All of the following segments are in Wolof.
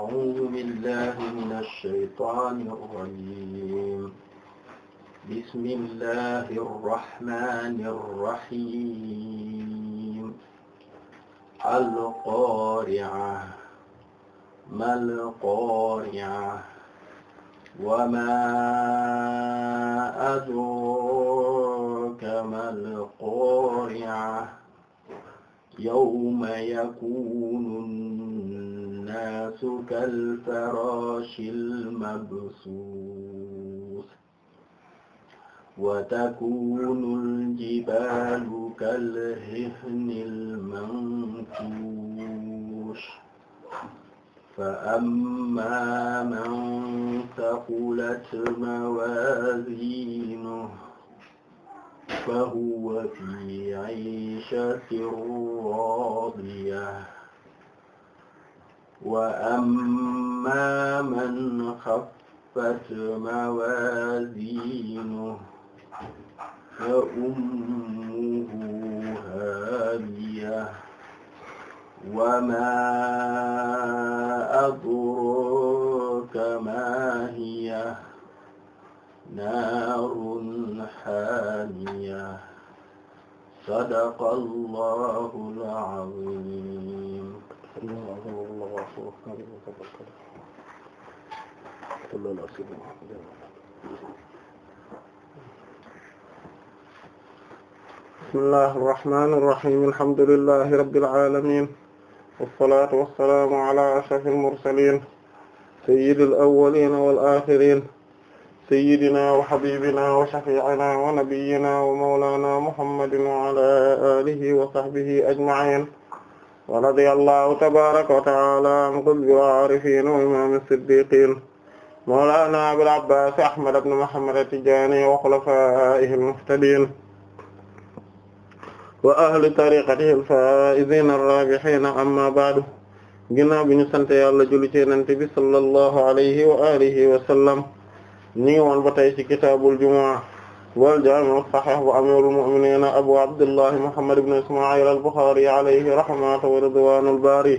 أعوذ بالله من الشيطان الرجيم بسم الله الرحمن الرحيم القارعة ما القارعة وما أدراك ما القارعة يوم يكون naasu kalfaraashil mabsuus wa takuunul jibaalu kal'ihnil manfuush فأما من ثقلت موازينه فهو في عيشة راضية وأما من خفت موازينه فأمه هامية وما أدراك ما هي نار حامية صدق الله العظيم bismillahi irrahmani irrahim alhamdulillahi rabbil alamin wassalatu wassalamu ala ashrafil mursalin sayyidil awwalin wal akhirin sayyidina wa habibina wa shafi'ina wa nabiyyina wa mawlana muhammadin wa ala alihi wa sahbihi ajma'in wa radiyallahu tabaraka wa ta'ala an qutbil aarifin wa imam as-siddiqin mawlana abul abbas ahmad ibn muhammad at-tijani wa khulafaihi al-muhtadin wa ahli tariqatihi al-faa'izina ar-raabihina amma ba'du ginnaaw bi ñu sant yàlla julli ci Yonent bi sallallahu alayhi wa alihi wa sallam ñu ngi woon ba tey ci kitaabul jumu'a wal jaami' as-sahih wa amiirul mu'miniin abu abdillah muhammad ibn isma'il al-Bukhari alayhi rahmatu wa ridwaanul baari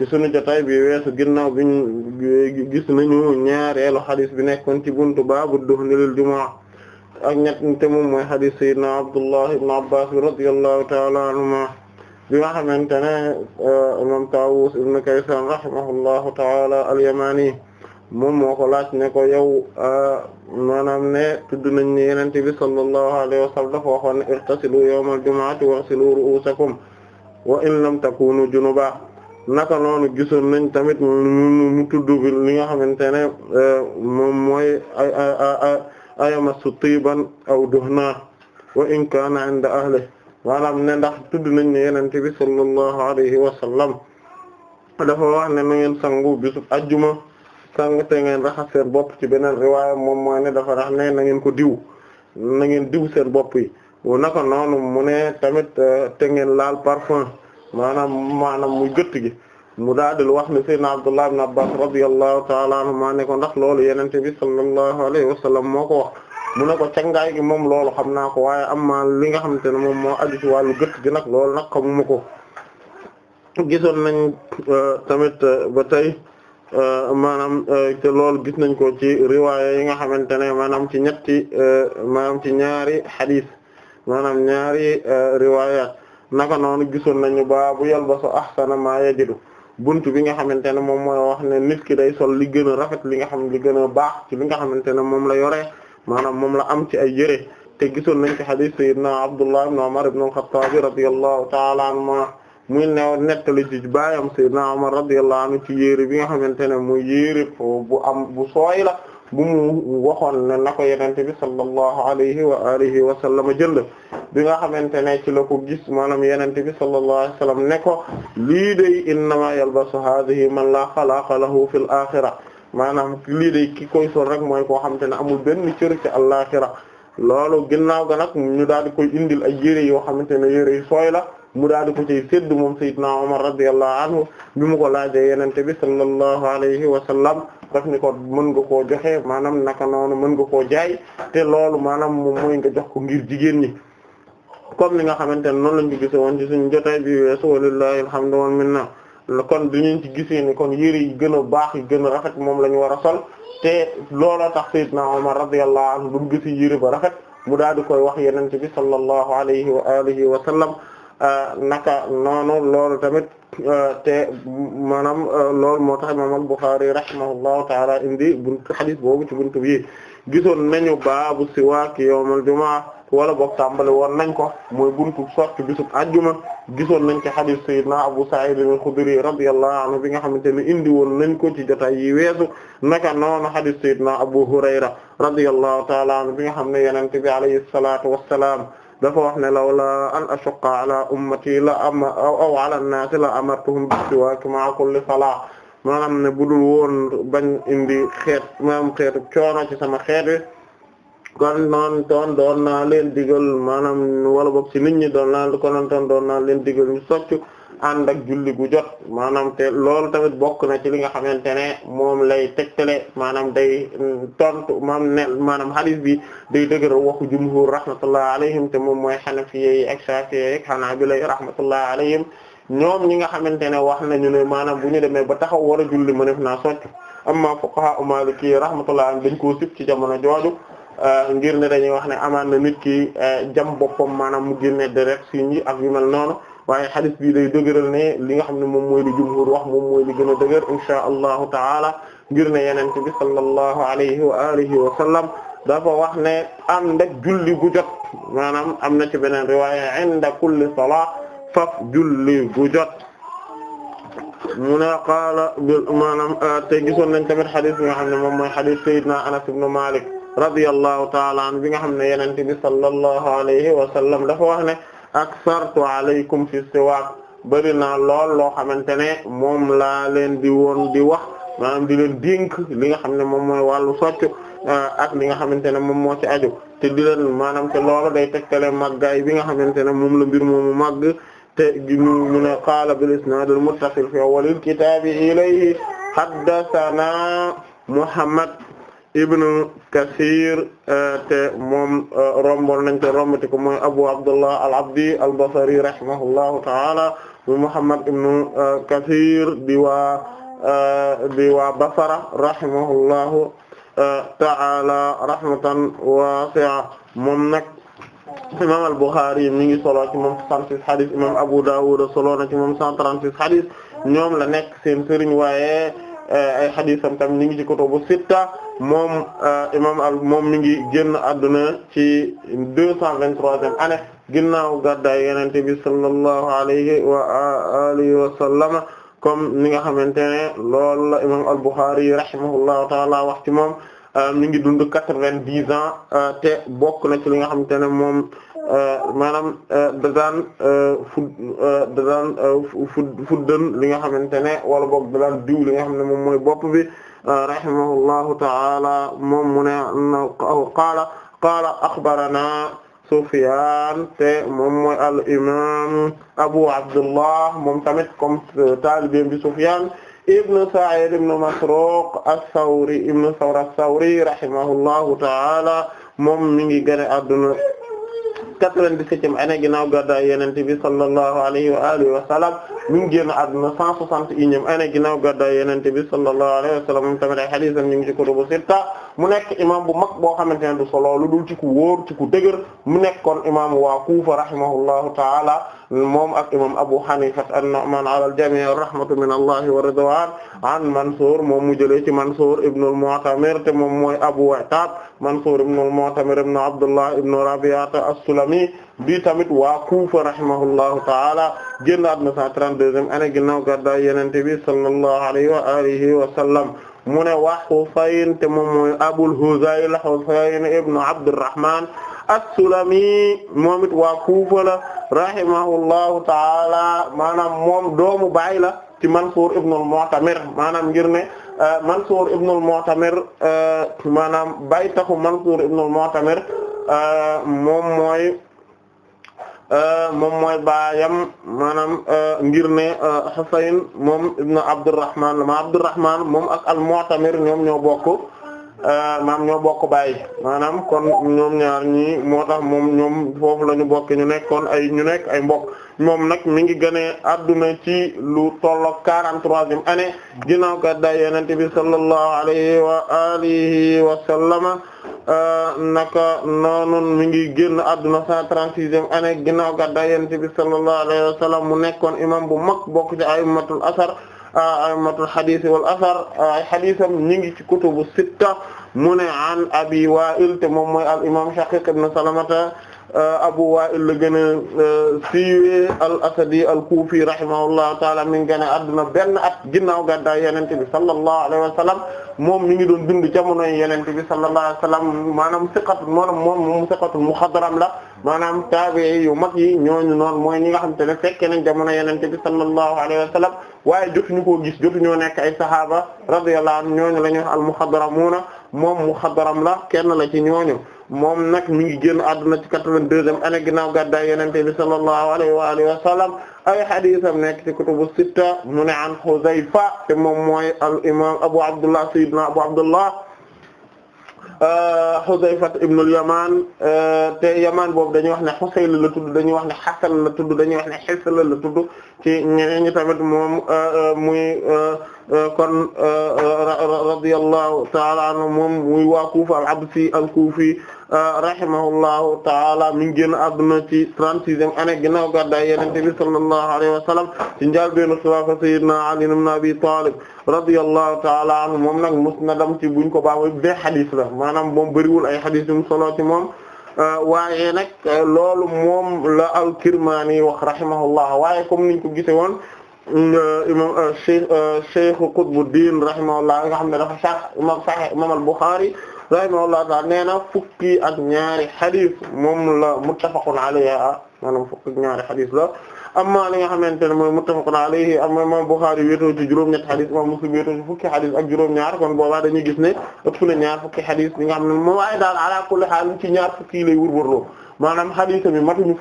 ci sunu jotaay bi weesu ginnaaw bi gis nañu ñaareelu xadis bi nekkoon ci buntu baabu duhni lil jumu'a ak ñett te moom mooy xadis sayyidina abdullah ibn abbas radiyallahu ta'ala anhuma bi nga xamante ne uh, imam Tawus ibn Kaysan rahimahullahu ta'ala al moom moo ko laaj ne ko yow maanaam ne tudd nañ ne yonent bi sallallahu alayhi wa sallam waxoon ne irtasilu yawmal jumu'ati waghsilu ru'usakum wa in lam takunu junuba naka noonu gisoon nañ tamit mu tudd bi li nga xamante ne e, moom mooy ayamassu tiiban aw duhna wa in kaana 'inda ne ndax tudd nañ ne yonent bi sallallahu alayhi wa sallam wax ne na sangu ajjuma sànq te ngeen raxas seen bopp ci beneen riwaaya moom mooy ne dafa rax ne na ngeen ko diw na ngeen diw seen bopp yi naka noonu mu ne tamit euh, te ngeen laal parfum maanaam maanaam muy gëtt gi mu lu wax ne sayyidina Abdullah ibn Abbas radiyallahu ta'ala anhuma ne ko ndax loolu yonent bi sallallahu alayhi wa moo ko wax mu ne ko cangaay gi moom loolu xam naa ko waaye amma li nga xamante ne moom moo aju si wàllu gëtt gi nag loolu nag xamuma ko gisoon nañ euh, tamit euh, ba tey Euh, maanaam euh, te loolu gis nañ ko ci riwaaya yi nga xamante ne maanaam ci ñetti euh, maanaam ci ñaari xadis maanaam ñaari riwaaya naka noonu gisoon nañu baabu yalbasu ahsana maa yajidu buntu bi nga xamante ne moom mooy wax ne nit ki day sol li gën a rafet li nga xam li gën a baax ci li nga xamante ne moom la yore maanaam moom la am ci ay yére te gisoon nañ ci xadis sayyidina Abdullah ibn Umar ibn al-Khattab ta'ala anhuma muy new nettali ci baayam Seydina Umar radiyallahu anhu ci yéere bi nga xamante ne muy yéere bu am bu sooy la bu mu waxoon ne na ko yenente bi sallallahu alayhi wa alihi wa sallam jënd bi nga xamante ne ci la ko gis maanaam yenente bi sallallahu alayhi wa sallam ne ko lii day innama yalbasu hadhihi man la xalaqa lahu fil axira maanaam lii day ki koy rek mooy koo xamante ne amul benn cër ci àllaxira loolu ginnaaw ga nag ñu daal di koy indil ay yére yoo xamante ne yére yu sooy la mu daal di ko cay sédd moom Seydina Omar radiyallahu anhu bi mu ko laajee yenente bi sallallahu alayhi wa sallam daf ni ko mën nga koo joxe maanaam naka noonu mën nga koo jaay te loolu maanaam moom mooy nga jox ko ngir jigéen ñi comme li nga xamante ne noonu lañu gise woon ci suñu jotaay bi weesu walillahi alhamdu wal minna kon duñu ci gisee ni kon yëre yi gën a baax yi gën a rafet moom la ñu war a sol te looloo tax Seydina Omar radiyallahu anhu bu mu gisi yëre ba rafet mu daal di koy wax yenente bi sallallahu alayhi wa alihi wa sallam Euh, naka noonu loolu tamit euh, te maanaam euh, loolu moo tax imam al-Bukhari rahimahullahu taala indi buntu hadith boobu ci buntu bi gisoon nañu baabu siwaak yawmal jumaa wala boog tàmbali woon nañ ko mooy buntu sotti bisub ajjuma gisoon nañ ci hadith sayyidina Abu Sa'id al-Khudri radiyallahu anhu bi nga xamante ne indi woon nañ ko ci jotaay yi weesu naka noonu hadith sayyidina Abu Hurayra radiyallahu taala anhu bi nga xam ne yonent bi alayhi salaatu wassalaam dafa wax ne lawla an ashqa ala ummati la am aw ala naasi la amartuhum bis-siwaak ma'a kulli salaa maanaam ne budul woon bañ indi xeet maanaam xeetu coono ci sama xeet wi kon toon doon naa leen digal maanaam wala boog ci nit ñi doon na konoon toon doon naa leen digal ñu soccu ànd ak julli gu jot maanaam te loolu tamit bokk na ci li nga xamante ne moom lay teg tegtale maanaam day mm, tontu maam ne maanaam hadith bi day dëgëral waxu jumhur rahmatullahi alayhim te moom mooy hanafiye yi ak shafiye yi ak ñoom ñi nga xamante ne wax nañu ne maanaam bu ñu demee ba taxaw war a julli mënef naa socc amma fuqaha maliki rahmatullahi alayhim dañ koo sip ci jamono jooju euh, ngir ne dañuy wax ne amaan na nit ki euh, jam boppam maanaam mu génne deret si ñi ak yu mel noonu waaye xadis bii day dëgëral ne li nga xam ne moom mooy li jumhur wax moom mooy li gën a dëgër insha allahu taala ngir ne yeneen bi sallallahu alayhi wa alihi wa sallam dafa wax ne ànd ak julli gu jot maanaam am na ci beneen riwaaya inda kulli salaa faf julli gu jot mu ne qaala maanaam te gisoon nañ tamit xadis bi nga xam ne moom mooy xadis sayyidina Anas ibn Malik radiyallahu taala an bi nga xam ne yeneen bi sallallahu alayhi wa sallam dafa wax ne aksartu alaykum fi siwaak bëri na lool loo xamante ne moom laa leen di woon di wax maanaam di leen dénk li nga xam ne moom mooy wàllu socc eh, ak li nga xamante ne moom moo ci ajo te di leen maanaam te loolu day tegtale màggaay bi nga xamante ne moom la mbir moomu màgg te mu mu ne qaala bil isnaad al muttasil fi awwalil kitaabi ilayhi haddathana Muhammad ibnu Kathir eh, te moom eh, rombon nañ ko rombati ko mooy Abu Abdullah al-Abdi al-Basri rahimahullahu ta'ala mu Muhammad ibnu eh, Kathir di waa di waa Basra rahimahullahu ta'ala rahmatan wasi'a moom nag imam al-Bukhari mi ngi solo ci moom 66 hadith imam Abu Dawud solo na ci moom 136 hadith ñoom la nekk seen sëriñ waaye Eh, ay xadisam tamit ñu ngi ci kutubu sitta moom eh, imam al moom mi ngi génn adduna ci deux cent vingt-troisième année ginnaaw gàddaay yonent bi sallallahu alayhi wa alihi wa sallama comme ni nga xamante ne loolu la imam al Bukhari rahimahullahu taala wax ci moom eh, mi ngi dund quatre-vingt-dix ans te bokk na ci li nga xamante ne moom Eh, maanaam eh, da daan eh, fu da daan fu fuddan li nga xamante ne wala boog da daan diw li nga xam ne moom mooy bopp bi rahimahullahu ta'ala moom mu ne qaala qaala axbarana Sufyan te moom mooy al imam Abu Abdullah moom tamit comme taalibeem bi Sufyan ibn Sa'id ibn Masruq as-Sawri ibn Sawr as-Sawri rahimahullahu ta'ala moom mi ngi gane adduna quatre-vingt-dix-septième année ginnaaw gàddaay Yonent bi sallallahu alayhi wa alihi wa sallam mi ngi add na cent soixante et unième année ginnaaw gàddaay yenente bi sallallahu alayhi wa sallam moom tamit ay hadith am mu nekk imam bu mag boo du solo lu dul ci ku wóor ci ku dëgër mu nekk kon imam waa Kufa rahimahullahu ta'ala moom Abu Hanifa an-Nu'man ala al-jami' rahmatu min Allah wa ridwan an Mansur moom mu jëlee ci Mansur ibn al-Mu'tamir te moom mooy Abu Attab Mansur ibn al-Mu'tamir ibn Abdullah ibn Rabi'ah as bi tamit waa Kufa rahimahullahu ta'ala génn àdduna 132e année ginnaaw gàddaay Yonent bi sallallahu alayhi wa alihi wa sallam mu ne wa Husayn te moom mooy sulami moom it waa Kufa ta'ala maanaam moom doomu baay la ci Mansur ibn al-Mu'tamir maanaam ngir ne euh, Mansur ibn al-Mu'tamir euh, maanaam baay taxu al-Mu'tamir euh, moom Euh, moom mooy yam maanaam euh, ngir ne euh, Husayn moom ibn Abdurrahman ma Abdurrahman moom ak al-Mu'tamir ñoom ñoo bokk maam ñoo bokk baay maanaam kon ñoom ñaar ñii moo tax moom ñoom foofu la bokk ñu nekk kon ay ñu nekk ay mbokk moom nag mi ngi gënee adduna ci lu tolloog quarante-troisième année ginnaaw gàddaay Yonent bi sallallahu alayhi wa alihi wa sallama Euh, naka noonu mi ngi génn adduna 136e année ginnaaw gàddaay Yonent bi sallallahu alayhi wa sallam mu nekkoon imam bu mag bokk ci a'immatul asar a'immatul hadith wal asar ay haditham ñi ngi ci kutubu sitta mu ne an Abi Wa'il te moom mooy al imam Shaqiq ibn Salamata Euh, Abu Wa'il la gën a euh, siiwee al-Asadi al-Kufi rahimahullahu ta'ala mi ngi gën a adduna benn at ginnaaw gàddaay Yonent bi sallallahu alayhi wa sallam moom mi ngi doon dund jamonoy Yonent bi sallallahu alayhi wa sallam maanaam siqatul maanaam moom moom siqatul muxadram la maanaam taabi'i yu mag yi ñooñu noonu mooy ñi nga xam te ne fekke nañ jamono Yonent bi sallallahu alayhi wa sallam waaye jotuñu koo gis jotuñoo nekk ay sahaaba radiyallahu anhum ñooñu la ñu al-muxadramuuna moom mu muxadram la kenn la ci ñooñu moom nag mi ngi génn àdduna ci quatre-vingt-deuxième année ginnaaw gàddaay Yonent bi sallallahu alayhi wa alihi wa sallam ay hadiisam nekk ci kutubu sitta mu ne an Xuzayfa te moom mooy al imaam Abu Abdullah sayyidina Abu Abdullah euh, Xuzayfa ibn al-Yamaan euh, te Yamaan boobu dañuy wax ne Xusayl la tudd dañuy wax ne Xasan la tudd dañuy la tudd ci ñeneen tamit moom euh, muy. Euh, kon euh, euh, radiyallahu ta'ala anhu moom muy waa Kufa al-Absi al-Kufi rahimahullahu ta'ala mi ngi génn àdduna ci 36e année ginnaaw gàddaay Yonent bi sallallahu alayhi wa sallam ci njëlbéenu xilaafa Sayyidina Ali ibn Abi Talib radiyallahu ta'ala anhu moom nag musnadam ci buñ ko baaxee ba xadis la maanaam moom bëriwul ay xadis yu ci moom. waaye nag loolu moom la al-Kirmani wax rahimahullah waaye comme niñ ko gisee woon. imam euh, Cheikh euh, Cheikh Qutbuddin rahimahullah nga xam ne dafa sax imam Sahih imam al-Bukhari rahimahullah taala nee na fukki ak ñaari hadith moom la muttafaqun alayhi maanaam fukki ak ñaari hadith la amma li nga xamante ne mooy muttafaqun alayhi amma imam Bukhari wéetoo ci juróom-ñetti hadith imam Muslim wéetoo ci fukki hadith ak juróom-ñaar kon boobaa dañuy gis ne ëpp na ñaar fukki hadith li nga xam ne moom waaye daal ala kulli haal ci ñaar fukki lay wër-wërloo maanaam hadith bi matuñu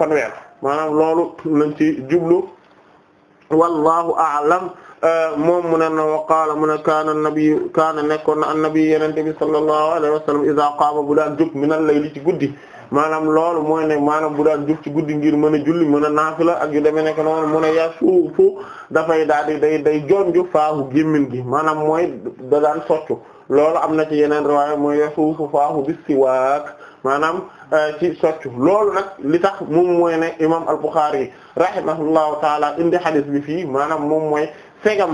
wallahu a'lam euh, moom mu ne na wa mu ne kaana nabiyu kaana nekkoon na annabi yenente bi sallallahu alayhi wa sallam iza qaama bu daan jóg minal ci guddi maanaam loolu mooy ne maanaam bu daan jóg ci guddi ngir mën a julli mën a naafila ak yu demee nekk noonu mu ne yasuufu dafay daal di day day jonju faahu gémmin gi maanaam mooy da daan soccu loolu am na ci yeneen riwaaya mooy yasuufu faahu bissiwaak maanaam euh, ci soccu loolu nag li tax moom mooy ne imam al-Bukhari rahimahullahu taala indi hadith bi fii maanaam moom mooy fegam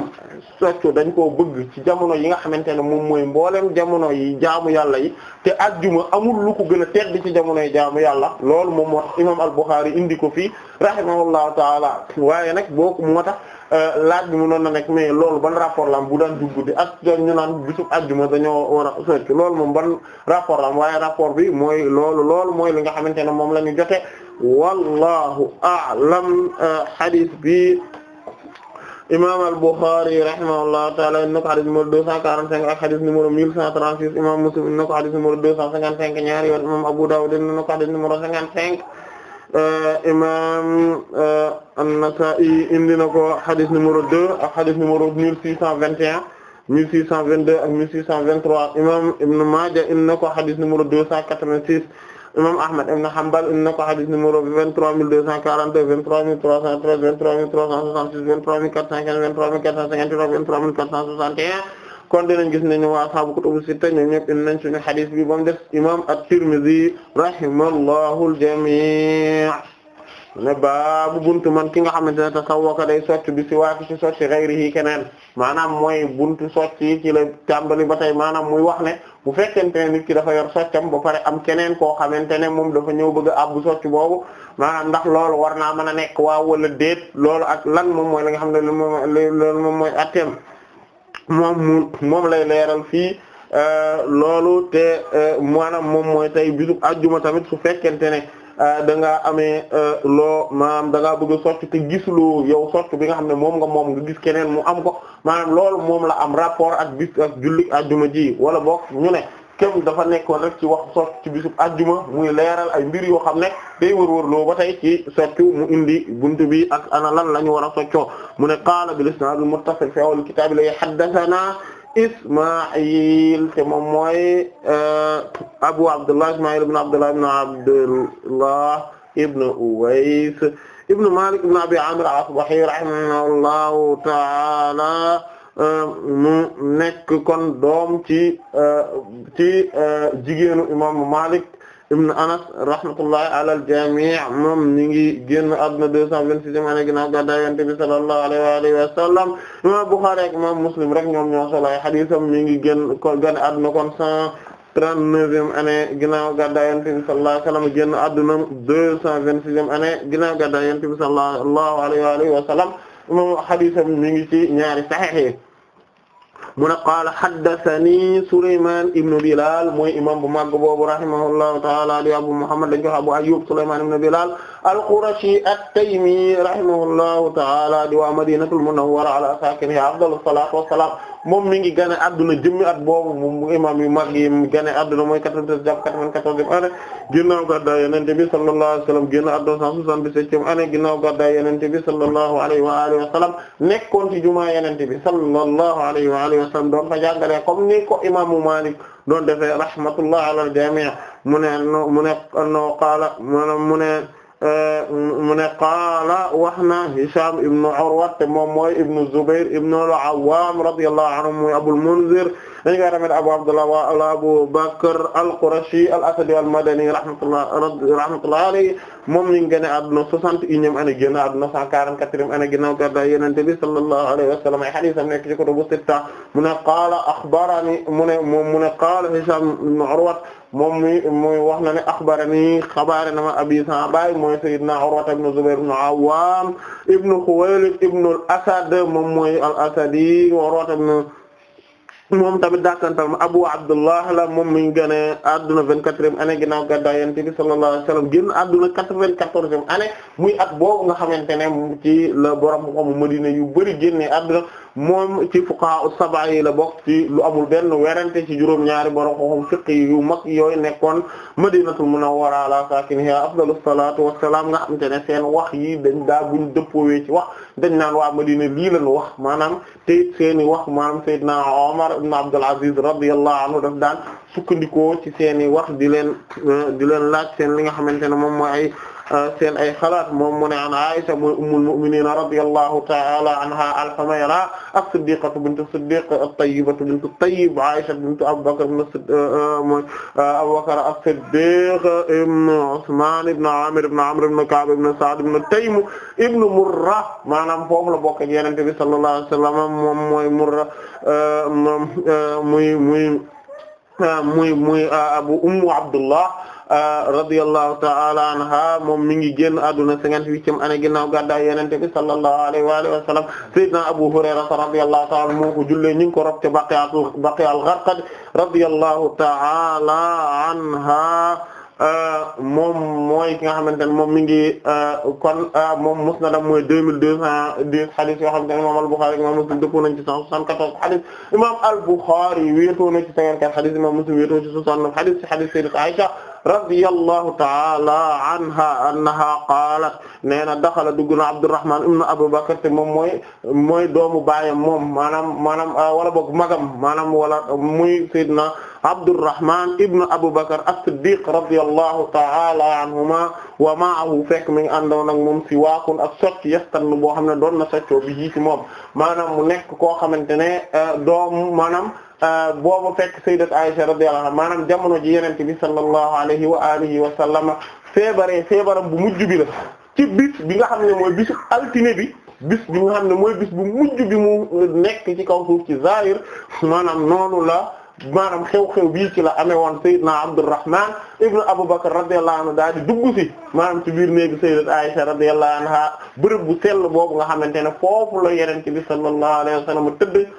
soccu dañ koo bëgg ci jamono yi nga xamante ne moom mooy mboolem jamono yi jaamu yàlla yi te ajjuma amul lu ko gën a tedd ci jamono yi jaamu yàlla loolu moom moo tax imam al-Bukhari indi ko fii rahimahullahu taala waaye nag boo ko moo tax euh, laaj bi mënoon na nekk mais loolu ban rapport la am bu daan dugg di ak ñu naan bisub ajjuma dañoo war a soccu loolu moom ban rapport la am waaye rapport bi mooy loolu loolu mooy li nga xamante ne moom la ñu jotee wallahu a'lam euh, hadith bi imam al-Bukhari rahimahullahu ta'ala inna ko hadith numéro 245 ak hadith numéro 1136 imam Muslim inna ko hadith numéro 255 ñaari yoon imam Abu Dawud inna ko hadith numéro 55 euh, imam euh, an-Nasa'i indi na ko hadith numéro 2 ak hadith numéro 1621 1622 ak 1623 imam Ibn Majah indi na ko hadith numéro 286 imam Ahmad ibn Hanbal indi na ko hadith numéro 23242 23313 23366 23415 23458 23461 kon dinañ gis nañu waa ashaabu kutubu sitta ñoom ñëpp indi nañ suñu hadith bi ba mu des imam at-Tirmidhi rahimallahu al-jami' ne baabu buntu man ki nga xamante ne tasawwaka day sotti bi si waaki si sotti ghayrihi keneen maanaam mooy buntu sotti ci la tàmbali ba tey maanaam muy wax ne bu fekkente ne nit ki dafa yor soccam ba pare am keneen koo xamante ne moom dafa ñëw bëgg a abbu socc boobu maanaam ndax loolu war naa mën a nekk waaw wala déet loolu ak lan moom mooy la nga xam ne loolu moom mooy atteem moom mu moom lay leeral fii euh, loolu te euh, maanaam moom mooy tey bisu ajuma tamit su fekkente ne Euh, da ngaa amee euh, loo maanaam da ngaa bëgg a socc te gisuloo yow socc bi nga xam ne moom nga moom nga gis keneen mu am ko maanaam lool moom la am rapport ak bis ak julli ajjuma ji wala boog ñu ne kem dafa nekkoon rek ci wax socc ci bisub ajjuma muy leeral ay mbir yoo xam ne day wër-wër loo ba tey ci soccu mu indi bunt bi ak ana lan la ñu war a soccoo mu naa qaala mu isnaad al muttasil fi awwal kitaab li haddathana Isma'il te moom mooy euh, Abu Abdullah Isma'il ibn Abdullah ibn Abdullah ibn Uways ibn Malik ibn Abi Amir al-Asbahi rahimahullahu ta'ala euh, mu nekk kon doom ci euh, ci jigéenu imaamu Malik ibn Anas rahmatullahi ala al-jami' moom mi ngi génn àdduna deux cent vingt-sixième année ginnaaw gàddaay Yonent bi sallallahu alayhi wa alihi wa sallam imam Bukhari ak imam Muslim rek ñoom ñoo solo ay hadiisam mi ngi génn ko génn àdduna kon cent trente-neuvième année ginnaaw gàddaay Yonent bi sallallahu alayhi wa sallam génn àdduna deux cent vingt-sixième année ginnaaw gàddaay Yonent bi sallallahu alayhi wa alihi wa sallam moom hadiisam mi ngi ci ñaari Sahih mu ne qaala haddathani Sulaymaan ibn Bilaal mooy imam bu mag boobu rahimahullahu ta'ala di Abu Muhammad dañu ko wax Abu Ayyub Sulaymaan ibn Bilaal al-Qurashi at-Taymi rahimahullahu ta'ala di waa Madinatul Munawwara ala saakinihaa afdalu salaatu wa salaam moom mi ngi gane adduna jëmmi at boobu mu imaam yu mag yi mu gane adduna mooy 93 jàpp 94 ane ginnaaw gàddaay Yonent bi sallallahu alayhi wa sallam génn adduna 177 ane ginnaaw gàddaay Yonent bi sallallahu alayhi wa alihi wa sallam nekkoon ci jumaa Yonent bi sallallahu alayhi wa alihi wa sallam doon fa jàngale comme ni ko imaamu Maalik doon defee rahmatullah ala al-jamii' mu ne mu ne qaala mu ne mu ne qaala wax na Hisham ibnu Urwa te moom mooy ibnu Zubair ibnu al-Awwam radiyallahu anhu muy Abul Munzir dañ koy ramel Abu Abdullah wa Abu Bakr al-Qurashi al-Asadi al-Madani rahmatullah rahmatullah alayhi moom ñu ngi génn àdduna 61e année génn àdduna 144e année ginnaaw gàddaay Yonent bi sallallahu alayhi wa sallam ay hadiisam nekk ci kutubu sitta mu ne qaala axbarani mu ne moom mu ne qaala Hishaam ibn Urwa moom mi muy wax na ne axbarani xabaare na ma abi sa baay mooy sayyidna Urwa ibn Zubayr ibn Awwaam ibn Khuwaylid ibn al-Asad moom mooy al-Asadi Urwa ibn moom tamit daatantal ma Abu Abdullah la moom mi ngi génne adduna vingt-quatrième année ginnaaw gàddaay Yonent bi sallallahu alayhi wasallam génn adduna quatre-vingt-quatorzième année muy at boobu nga xamante ne ci la borom xam Madina yu bari génne adduna moom ci fuqaha as-sab'a yi la bokk ci lu amul benn werante ci juróom-ñaari borom xam fiqh yu mag yooyu nekkoon madinatul munawwara ala saakiniha afdalus salaatu wassalaam nga xamante ne seen wax yi dañ daa buñ dëppoowee ci wax dañ naan waa madina lii lañ wax maanaam te seeni wax maanaam sayyidina Umar ibn Abdul Aziz radiyallahu anhu daf daan sukkandikoo ci seeni wax di leen di leen laaj seen li nga xamante ne moom mooy ay seen ay xalaat moom mu ne an Aisha mooy ummul mu'minin radiyallahu ta'ala anha al-Humayra as-Siddiqatu bintu Siddiq at-Tayyibatu bintu Tayyib Aisha bintu Abu Bakr ibn euh, euh, mooy Abu Bakr as-Siddiq ibn Usman ibn Amir ibn Amr ibn Ka'b ibn Sa'd ibn Taym ibn Murra maanaam foofu la bokk ak Yonent bi sallallahu alayhi wa sallam moom mooy Murra euh, moom muy muy muy muy Abu Ummu Abdullah radiyallahu ta'ala anha moom mi ngi génn adduna cinquante-huitième année ginnaaw gàddaay Yonent bi sallallahu alayhi wa alihi wa sallam sayyidina Abu Hurayra radiyallahu ta'ala moo ko jullee ñu ngi ko robte baqiyatul baqiyatul gharqad radiyallahu ta'ala anha moom mooy ki nga xamante ne moom mi ngi kon moom musnadam mooy deux mille deux cent dix xadis yoo xamante ne imam al-Bukhari imam Muslim dëppoo nañ ci cent soixante-quatorze xadis imam al-Bukhari wéetoo na ci cinquante-quatre xadis imam Muslim wéetoo ci soixante-neuf xadis ci xadis Sayyidat Aisha radiyallahu ta'ala anha annaha qaalat nee na daxala dugg na Abdurrahman ibn Abu Bakr te moom mooy mooy doomu baayam moom maanaam maanaam ah, wala boog magam maanaam wala muy sayyidina Abdurrahman ibn Abu Bakr as-Siddiq radiyallahu ta'ala anhuma wa ma'ahu fekk mi ngi àndoon ak moom si waakun ak socc yastan boo xam ne doon na soccoo bi ji ci moom maanaam mu nekk koo xamante ne ah, doom maanaam Euh, boobu fekk sayyidat Aisha radiyallahu anha maanaam jamono ji yenente bi sallallahu alayhi wa alihi wa sallama feebare feebaram bu mujj bi la ci bis bi nga xam ne mooy bisu altine bi bis bi nga xam ne mooy bis bu mujj bi mu nekk ci kaw suuf ci zahir maanaam noonu la maanaam xew-xew bii ci la amee woon Seydina Abdurrahman ibnu Abubakar radiyallahu anhu daal di dugg si maanaam ci biir néegi sayyidat Aisha radiyallahu anha bërëb bu sell boobu nga xamante ne foofu la yenente bi sallallahu alayhi wa sallam tëdd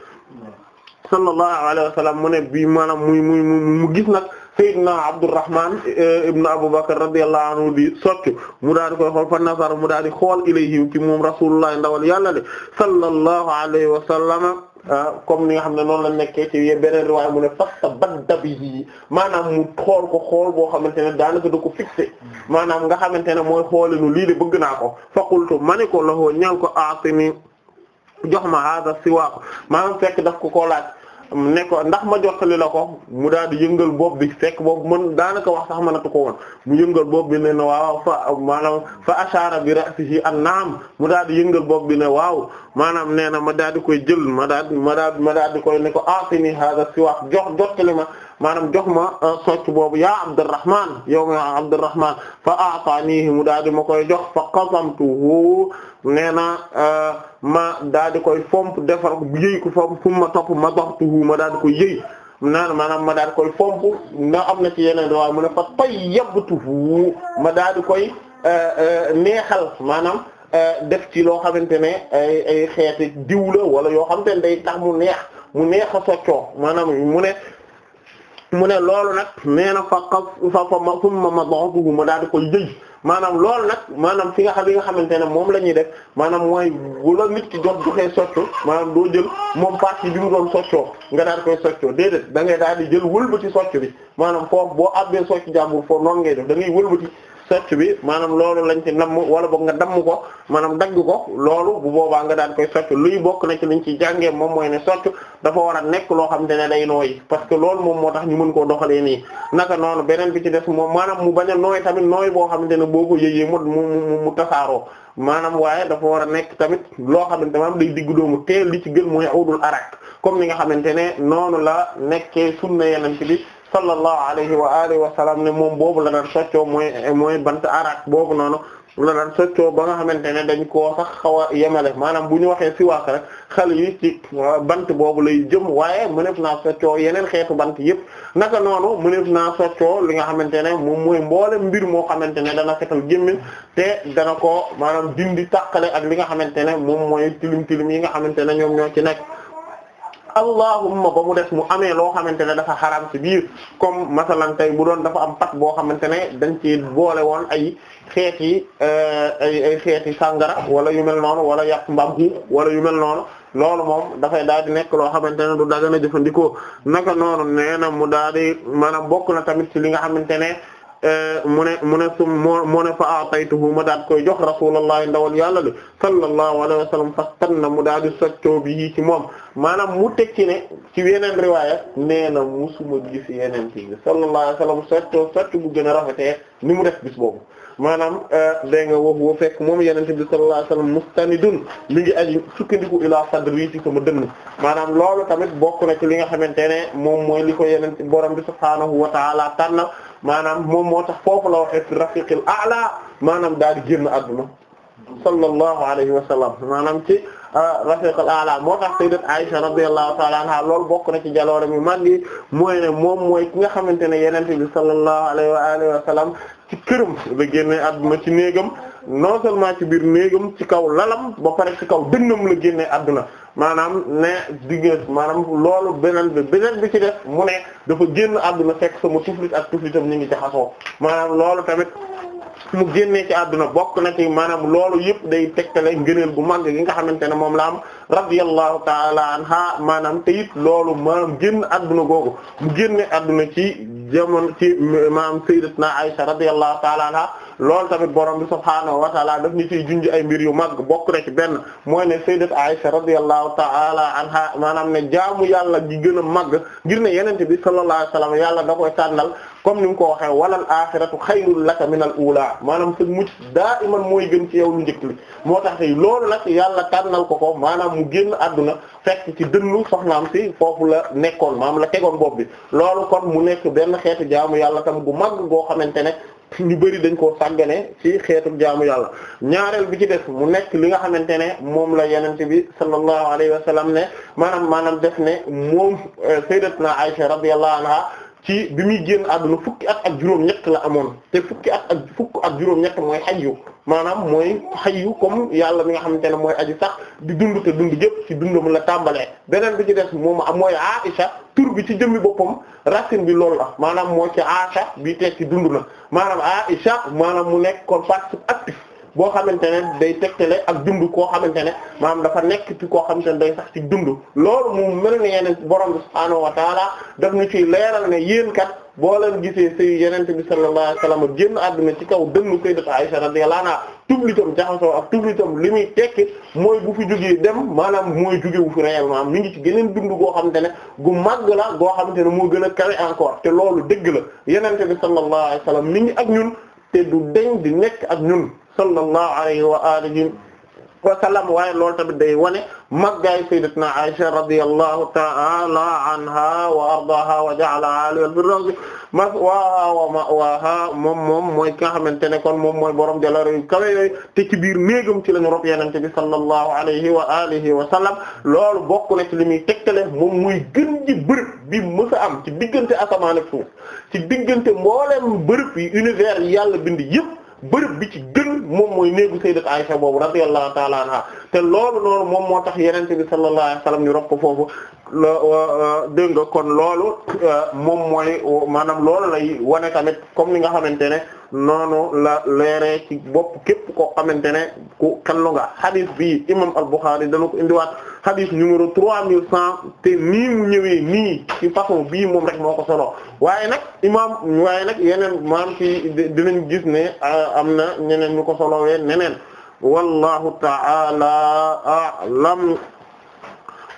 sallallahu alayhi wa sallam mu ne bi maanaam muy muy mu gis nag sayyidina Abdurrahman eh, ibn Abu Bakr radiyallahu anhu bi soccu mu daal di koy xool fa nasar mu daal di xool ilayhi ci moom rasulullah ndawal yàlla de sallallahu alayhi wa sallam ah, comme ni nga xam ne noonu la nekkee ci beneen riwaay mu ne fasta badda bi maanaam mu xool ko xool boo xamante ne daanaka da ko fixé maanaam nga xamante ne mooy xoolinu lii de bëgg naa ko faqultu ma ne ko loxo ñaan ko aatini jox ma hada siwaaq maanaam daf ko koo ne ko ndax ma jottali la ko mu daal di yëngal bopp bi fekk boobu man daanaka wax sax mënatu ko woon mu yëngal bopp bi ne ne waaw fa maanaam fa ashara bi ra'sihi an naam mu daal di yëngal bopp bi ne waaw maanaam nee na ma daal di koy jël ma daal ma daal ma daal di koy ne ko aatini hada siwaak jox jottali ma maanaam jox ma socc boobu yaa Abdurrahman yow ma Abdurrahman fa a'tanihi mu daal di ma koy jox fa qasamtuhu nee na euh, ma daal di koy fomp defar ko yëy ko fomp ma topp ma doxtuhu ma daal koy yëy naan maanaam ma daal di koy fomp na am na ci yeneen waaw mu ne fa tayyabtuhu ma daal di koy euh, euh, neexal maanaam def ci loo xamante ne ay ay xeeti diw wala yoo xamante ne day tax mu neex mu neex a soccoo maanaam mu mu ne loolu nag nee na fa fa fa summa madghatuhu ma ma daal di koy jëj maanaam loolu nag maanaam fi nga xam li nga xamante ne moom la ñuy def maanaam mooy wula la nit ki jot joxee soccu maanaam doo jël moom partie bi mu doon soccoo nga daal di koy soccoo déedéet da ngay daal di jël wëlbati soccu bi maanaam foofu boo abbee soccu jàmbur foofu noonu ngay def da ngay wëlbati socc bi maanaam loolu lañ ci mu wala boog nga damm ko maanaam dagg ko loolu bu boobaa nga daan koy socc luy bokk na ci liñ ci jàngee moom mooy ne socc dafa war a nekk loo xamante ne day nooy parce que loolu moom moo tax ñu mën koo doxalee nii naka noonu beneen bi ci des moom maanaam mu bañ a nooy tamit nooy boo xamante ne boo ko yëyee mu mu mu tasaaroo maanaam waaye dafa war a nekk tamit loo xamante maanaam day diggu mu teel li ci gën mooy awdul arak comme ni nga xamante ne noonu la nekkee sunna yeneen ci bi sallallahu alayhi wa alihi wa sallam ne moom boobu la daan soccoo mooy mooy bant arak boobu noonu la daan soccoo ba nga xamante ne dañ koo sax xaw a yemale maanaam bu ñu waxee siwaak rek xal yi ci bant boobu lay jëm waaye mënef naa soccoo yeneen xeetu bant yëpp naka noonu mënef naa soccoo li nga xamante ne moom mooy mboole mbir moo xamante ne dana setal gémmin te dana ko maanaam dindi tàqale ak li nga xamante ne moom mooy tilim tilim yi nga xamante ne ñoom ñoo ci nekk allahumma ba mu des mu amee loo xamante ne dafa xaraam ci comme masalan tey bu doon dafa am pat boo xamante ne dañ ci boole woon ay xeeti euh, ay ay xeeti sàngara wala yu mel noonu wala yàpp mbaam xuux wala yu mel noonu loolu moom dafay daal di nekk loo xamante ne du dagan a jëfandikoo naka noonu nee na mu daal di maanaam bokk na tamit ci li nga xamante ne Eh, mu ne mu ne su mu ne fa aataytuhu ma daat koy jox rasulullah ndawal yàlla le sallallahu alayhi wa sallam fastan na mu daal di soccoo bi ci moom maanaam mu teg ci ne ci yeneen riwaaya nee na musuma gis yeneen ci bi sallallahu alayhi wa sallam soccoo socc bu gën a rafetee ni mu def bis boobu maanaam eh, dégg nga wax woo fekk moom yeneen bi sallallahu alayhi wa sallam mustanidun mi ngi aji sukkandiku ila sadri ci ma dënn maanaam loolu tamit bokk na ci li nga xamante ne moom mooy li ko yeneen borom bi subhaanahu wa maanaam moom moo tax foofu la waxee fi rafiqil a'la maanaam daal di génn adduna sallallahu alayhi wa sallam maanaam ci ah, rafiqil a'la moo tax sayyidat Aisha radiyallahu ta'ala anha loolu bokk na ci jaloore mi man di mooy ne moom mooy ki nga xamante ne yenente bi sallallahu alayhi wa alihi wa sallam ci këram la génne adduna ci néegam non seulement ci biir néegam ci kaw lalam ba pare ci kaw dënnam la génne adduna maanaam ne digg maanaam loolu beneen bi beneen bi ci def mu ne dafa génn àdduna fekk sama tuflit ak tuflitam ñu ngi jaxasoo maanaam loolu tamit mu génnee ci àdduna bokk na ci maanaam loolu yëpp day tegtale ngëneel bu màgg gi nga xamante ne moom la am radiyallahu taala anha maanaam teyit loolu maanaam génn adduna googu mu génne adduna ci jamono ci maanaam sayyidatna Aisha radiyallahu loolu tamit borom bi subhaanahu wa taala daf ñu ciy junj ay mbir yu mag bokk na ci benn mooy ne sayyidat Aisha radiyallahu taala anha maanaam ne jaamu yàlla gi gën a mag ngir ne yenente bi sallallahu alayhi wasallam yàlla da koy tànnal comme ni mu ko waxee walal axiratu xayrul laka minal uulaa maanaam sa mucc daa iman mooy gën ci yow lu njëkk li moo tax tey loolu nag yàlla tànnal ko ko maanaam mu génn àdduna fekk ci dënnu soxnaam si foofu la nekkoon maanaam la tegoon bopp bi loolu kon mu nekk benn xeetu jaamu yàlla tam gu mag goo xamante ne ñu bari dañ koo sàggane ci xeetu jaamu yàlla ñaareel bi ci def mu nekk li nga xamante ne moom la yenente bi sallallahu alayhi wa ne maanaam maanaam def ne moom euh, sayyidatna Aisha radiyallahu anha ci bi muy génn àdduna fukki at ak juróom-ñett la amoon te fukki at ak fukk ak juróom-ñett mooy xajju maanaam mooy xajju comme yàlla mi nga xamante ne mooy aju sax di dund te dund yëpp ci dund dundam la tàmbalee beneen bi ci des moom mooy Aisha tur bi ci jëmmi boppam racine bi loolu la maanaam moo ci Aisha bi teg ci dund na maanaam Aisha maanaam mu nekk kon participe actif boo xamante ne day tegtale ak dund koo xamante ne maanaam dafa nekk ci koo xamante ne day sax ci dund loolu mu mel ne yeneen borom bi subhaanahu wa taala daf ñu ciy leeral ne yéen kat boo leen gisee sëy yeneen bi sallallahu alayhi wa sallam génn àdduna ci kaw dënnu sayyidatu Aisha radiyallahu anha tublitam jaxasoo ak tublitam li muy tekki mooy bu fi jógee dem maanaam mooy jóge wu fi réellement mu ngi ci geneen dund goo xamante ne gu màgg la goo xamante ne moo gën a kawe encore te loolu dëgg la yeneen bi sallallahu alayhi wa sallam ngi ak ñun te du deñ di nekk ak ñun sallallahu alayhi wa alihi wa sallam waaye loolu tamit day wane màggaay sayyidatuna Aisha radiyallahu ta'ala anha wa ardaaha wa ja'ala aliyal firdawsi maswaaha wa ma'waaha moom moom mooy ki nga xamante ne kon moom mooy borom jaloore yu kawe yooyu te ci biir néegam ci lañu rob yenente bi sallallahu alayhi wa alihi wa sallam loolu bokk na ci li muy tegtale moom muy gën ji bërëb bi mësa am ci diggante asamaan ak suuf ci diggante mboolem bërëb yi univers yàlla bind yëpp bërëb bi ci gën moom mooy néegu sayyidat Aisha boobu radiyallahu ta'ala anha te loolu noonu moom moo tax yenente bi sallallahu alayhi wasallam ñu rob ko foofu la euh, dégg nga kon loolu euh, moom mooy maanaam loolu lay wane tamit comme ni nga xamante ne noonu la leeree ci bopp képp koo xamante ne ku xellu nga bi imam al-Bukhari dana ko indiwaat hadith numéro trois mille cent te nii mu ñëwee nii ci façon bii moom rek moo ko solo waaye nag imam waaye nag yeneen maam ci dinañ gis ne am na ñeneen ñu ko solowee neneen wallahu ta'ala a'lam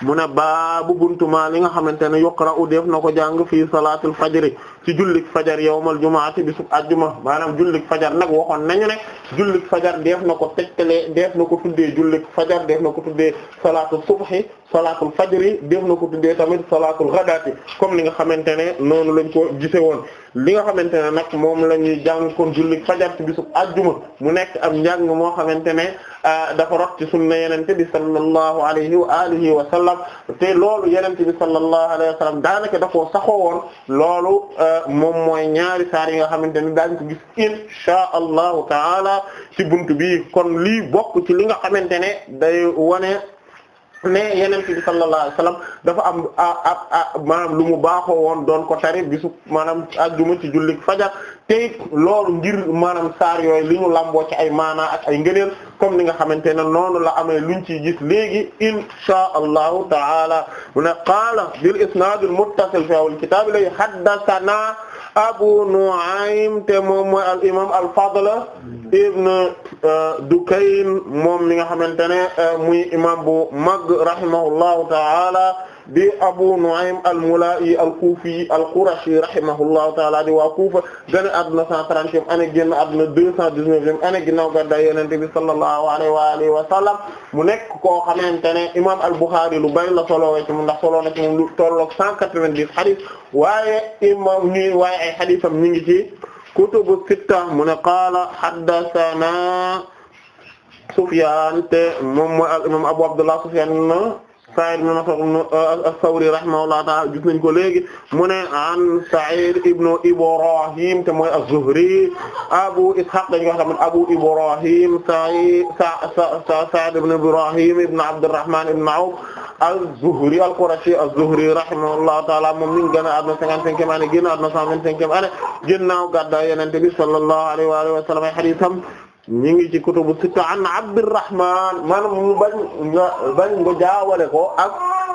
mu ne baabu buntu li nga xamante ne yuqra'u def no ko jàng fii salaatul fajri ci jullik fajar yawmal jumaati bisub ajjuma maanaam jullik fajar nag waxoon nañu ne jullik fajar def na ko tegtalee def na ko tuddee jullik fajar def na ko tuddee salaatul subhi salaatul fajri def na ko tuddee tamit salaatul ghadaati comme li nga xamante ne noonu lañ ko gise woon li nga xamante ne nag moom la ñuy jàng kon jullik fajar ci bisub ajjuma mu nekk am njàng moo xamante ne ah, dafa rot ci sunna yenente bi sallallahu alayhi wa alihi wa sallam te loolu yenente bi sallallahu alayhi wa daanaka da koo woon loolu ah, moom mooy ñaari saar yi nga xamante ni daañ ko gis inshaa allahu taala ci bunt bi kon lii bokk ci li nga xamante ne day wane ne yeneen bi sallallahu wasallam dafa am a maanaam lu mu baaxoo woon doon ko tari bisu maanaam àjjuma ci jullit fajar te it loolu ngir maanaam saar yooy li ñu lamboo ci ay maanaa ak ay ngëneel comme ni nga xamante ne noonu la amee luñ ci gis léegi inshaa allahu taala mu ne qaala bil isnaadil muttasil fi awwal kitaab yi haddathana Abu Nu'aym te moom mooy al imam al Fadl ibn uh, Dukayn moom mi nga xamante ne uh, muy imam bu mag rahimahullahu ta'ala bi Abu Nu'aym al-Mula'i al-Kufi al-Qurashi rahimahullahu ta'ala di waa Kufa gane adduna 130e année génn adduna 219e année ginnaaw gàddaay Yonent bi sallallahu alayhi wa alihi wa sallam mu nekk ko xamante ne imaam al-Bukhari lu bari la solo ci moom ndax solo na ci moom lu tolloog 190 hadith waaye imaam ñuy waaye ay haditham ñu ngi ci kutubu mu ne qaala haddathana Sufyan te moom Abu Abdullah Sufyan Sa'id ibn Mas'ud euh, as-Sawri rahimahullahu ta'ala gis nañ ko léegi mu ne an Sa'id ibn Ibrahim te mooy az-Zuhri Abu Ishaq dañ ko xam Abu Ibrahim Sa'id Sa'id ibn Ibrahim ibn Abdurrahman ibn Awf az-Zuhri al-Qurashi az-Zuhri rahimahullahu ta'ala moom mi ngi gën a àdduna cinquante-cinquième année génn àdduna cent vingt-cinquième année ginnaaw gàddaay Yonent bi sallallahu alayhi wa alihi wa sallam ay hadiisam ñi ngi ci kutubu sitta an Abdurrahman maanaam mu bañ nga bañ nga jaawale ko ak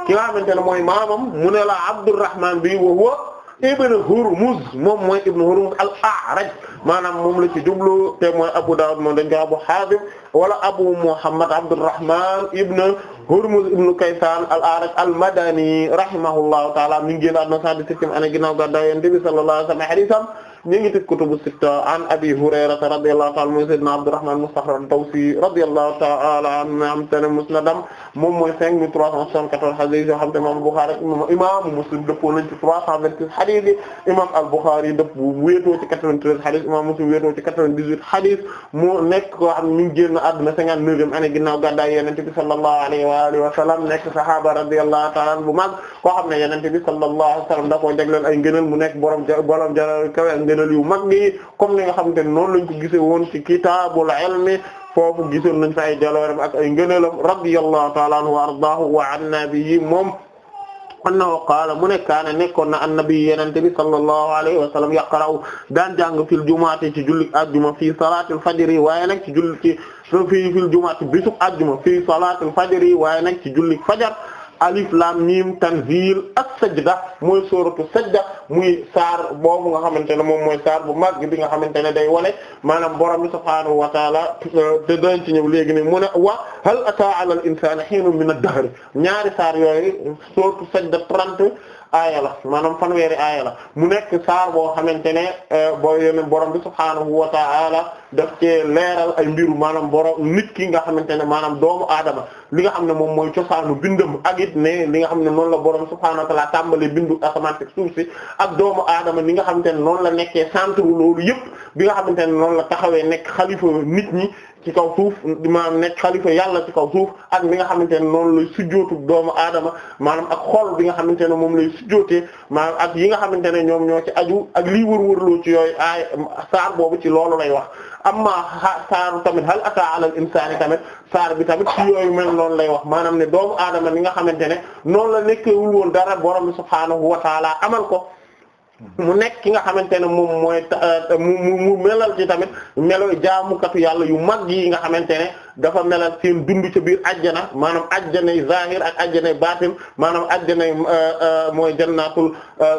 ki nga xamante ne mooy maamam mu ne la Abdurrahman bi wa huwa ibn Hurmuz moom mooy ibn Hurmuz al-A'raj maanaam moom la ci jublu te mooy Abu Dawud moom dañ ko Abu Hazim wala Abu Muhammad Abdurrahman ibn Hurmuz ibn Kaysan al-A'raj al-Madani rahimahullahu ta'ala mi ngi génn àdduna 117 ane ginnaaw gàddaay Yonent bi sallallahu alayhi wa sallam ñi ngi ci kutubu sitta an Abi Hurayra radiyallahu ta'ala mooy sayyidina Abdurrahman Mustahran Dawsi radiyallahu ta'ala anhu am tane musnadam moom mooy cinq mille trois Bukhari imam Muslim dëppoo nañ trois cent vingt-six imam dëpp wéetoo ci quatre-vingt-treize hadith imam Muslim wéetoo quatre-vingt-dix-huit hadith nekk koo xam ñu ngi génn àdduna cinquante-neuvième année ginnaaw gàddaay Yonent bi sallallahu alayhi wa alihi wa sallam nekk sahaaba ta'ala anhu bu mag koo xam ne Yonent bi sallallahu alayhi wa nekk borom borom jaral ngëneel yu mag yi comme ni nga xamante ne noonu lañ ko gisee woon ci kitaabul ilmi foofu gisoon nañ fa ay jaloorem ak ay ngëneelam radiyallahu ta'ala anhu wa ardaahu wa anna bihi moom annahu qaala mu nekkaana nekkoon na annabi yenente bi sallallahu alayhi wa sallam yaqra'u daan jàng fil jumaati ci julli ajjuma fii salaatil fajri waaye nag ci julli ci fii fil jumaati bisub ajjuma fii salaatil fajri waaye nag ci julli fajar alif lam mim tanzil as-sajda mooy suratu sajda muy saar boobu nga xamante ne moom mooy saar bu mag bi nga xamante ne day wane maanaam borom bi subhaanahu wa taala te euh, dañ ci ñëw léegi ne mu ne wa hal ataa ala al insani hiinun min ad-dahr ñaari saar yooyu suratu sajda 30 aaya la maanaam fanweeri aaya la mu nekk saar boo xamante ne eh, boo yeneen borom bi subhaanahu wa ta'ala daf cee leeral ay mbiru maanaam borom nit ki nga xamante ne maanaam doomu aadama li nga xam ne moom mooy cosaanu bindam ak it ne li nga xam ne noonu la borom subhaanahu wa ta'ala tàmbale bindu asamaan ak suuf si ak doomu aadama li nga xamante ne noonu la nekkee centre loolu yëpp bi nga xamante ne noonu la taxawee nekk xalifa nit ñi ci kaw suuf maanaam nekk xalifa yàlla ci kaw suuf ak li nga xamante ne noonu lay sujjootu doomu aadama maanaam ak xool bi nga xamante ne moom lay sujjootee maanaam ak yi nga xamante ne ñoom ñoo ci aju ak lii wër-wërloo ci yooyu aay saar boobu ci loolu lay wax amma saar tamit hal ata alal insaani tamit saar bi tamit ci yooyu mel noonu lay wax maanaam ne doomu aadama li nga xamante ne noonu la nekkewul woon dara borom subhaanahu wa taala amal ko mu nekk ki nga xamante ne moom mooy euh, mu mu melal ci tamit melo jaamukatu yàlla yu mag yi nga xamante ne dafa melal seen dund ci biir ajjana maanaam ajjanay zahir ak ajjanay batin maanaam ajjanay euh, euh, mooy jannatul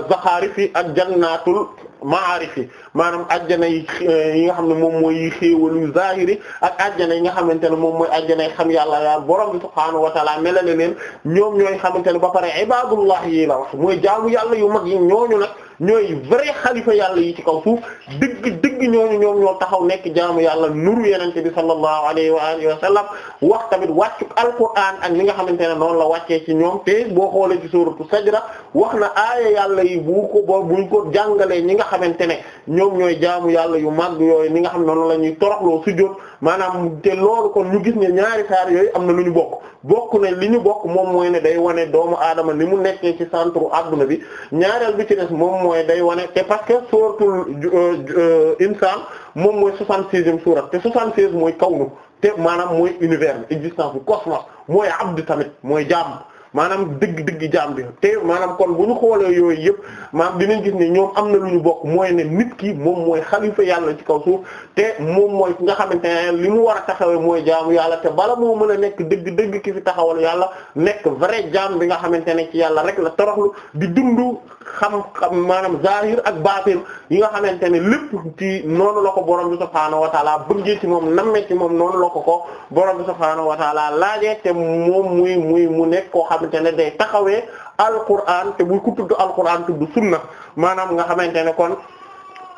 zaxaarifi ak jannatul maarifi maanaam ajjana yi yi nga xam ne moom mooy xéewalu zahiri ak ajjana yi nga xamante ne moom mooy ajjanay xam yàlla ya borom bi subhaanahu wa taala melale leen ñoom ñooy xamante ne ba pare ibadullah yi la wax mooy jaamu yàlla yu mag yi ñooñu nag ñooy vrai xalifa yàlla yi ci kaw suuf dëgg dëgg ñooñu ñoom ñoo taxaw nekk jaamu yàlla nuru yenente bi sallallahu alayhi wa alihi wa wax tamit wàccu alquran ak li nga xamante ne noonu la wàccee ci ñoom te boo xoolee ci suuratu sajda wax na aaya yàlla yi bu ko bo buñ ko jàngalee ñi nga xamante ne ñoom ñooy jaamu yàlla yu màgg yooyu ni nga xam ne noonu la ñuy toroxloo sujjóot maanaam te loolu kon ñu gis ne ñaari saar yooyu am na lu ñu bokk bokk na li ñu bokk moom mooy ne day wane doomu aadama ni mu nekkee ci centre adduna bi ñaareel bi ci des moom mooy day wane te parce que suuratul euh, insaan moom mooy soixante-sixième suura te soixante-seize mooy kaw kawnu te maanaam mooy univers bi existence bi cosmos mooy abd tamit mooy jaam maanaam dëgg-dëgg jaam bi te maanaam kon bu ñu xoolee yooyu yëpp maanaam dinañ gis ne ñoom am na lu ñu bokk mooy ne nit ki moom mooy xalifa yàlla ci kaw suuf te moom mooy ki nga xamante ne li mu war a mooy jaamu yàlla te bala moo mën a nekk dëgg-dëgg ki fi taxawal yàlla nekk vrai jaam bi nga xamante ne ci yàlla rek la toroxlu di dund xam xam maanaam zahir ak baatin yi nga xamante ne lépp ci noonu la ko borom bi subhaanahu wa taala bëggee ci moom nammee ci moom la ko laajee te moom muy muy mu nekk koo xam xamante day taxawee alquran te bu ku tudd alquran tudd sunna maanaam nga xamante ne kon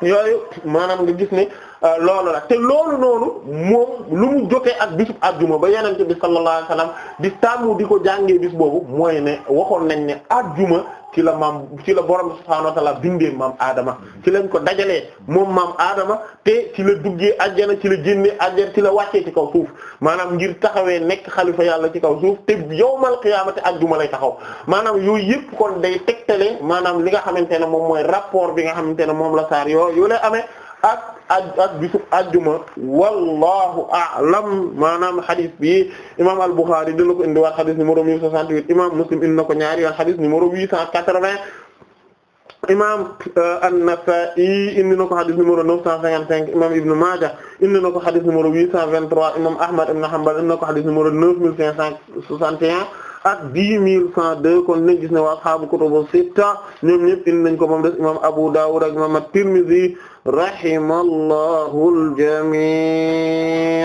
yooyu maanaam nga gis ne Euh, loolu la te loolu noonu moom lu mu jotee ak bisub ajjuma ba yenente bi sallallahu alayhi di tàmmu di ko jànge bis boobu mooy ne waxoon nañ ne ajjuma ci la maam ci la borom subhaanahu wa ta'aala bindee maam Adama ci lañ ko dajalee moom maam Adama te ci la duggee ajjana ci la génnee ajjana ci la wàccee ci kaw suuf maanaam ngir taxawee nekk xalifa yàlla ci kaw suuf te yawmal qiyaamati ajjuma lay taxaw maanaam yooyu yëpp kon day tegtale maanaam li nga xamante ne moom mooy rapport bi nga xamante ne moom la saar yoo yoo lay amee ak ak ak bisub ajjuma wallahu a'lam maanaam xadis bi imam al-Bukhari dina ko indiwaat xadis numéro 1068 imam Muslim indi na ko ñaari yoon xadis numéro 880 imam euh, an-Nasa'i indi na ko xadis numéro 955 imam Ibn Maaja indi na ko xadis numéro 823 imam Ahmad ibn Hanbal indi na ko xadis numéro 9561 ak dix mille cent deux kon nañ gis ne waa ashaabu kutubu sitta ñoom ñëpp indi nañ ko moom des imam Abu Dawud ak imam at-Tirmidhi rahimallahu al-jami'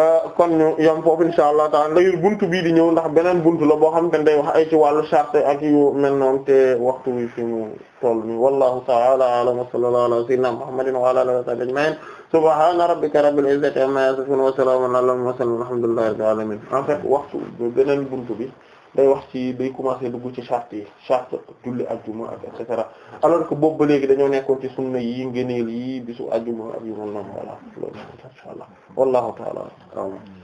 euh, kon ñu yam foofu allah taala léegi buntu bii di ndax beneen buntu la boo xam te ne day wax ay ci wàllu charte ak yu mel noonu te waxtu wi fi mu toll nii wallahu ta'ala a'lam wa sallallahu ala sayyidina muhammadin wa subhaana rabbika rabbil izzati amma yasifuun wa salaamun alal mursaliin walhamdulillahi rabbil aalamiin en fait waxtu beneen bunt bi day wax ci day commencer dugg ci charte yi charte julli ajjuma ak et cetera alors que boobu ba léegi dañoo nekkoon ci sunna yi ngëneel yi bisu ajjuma ak yu mel noonu voilà loolu inshallah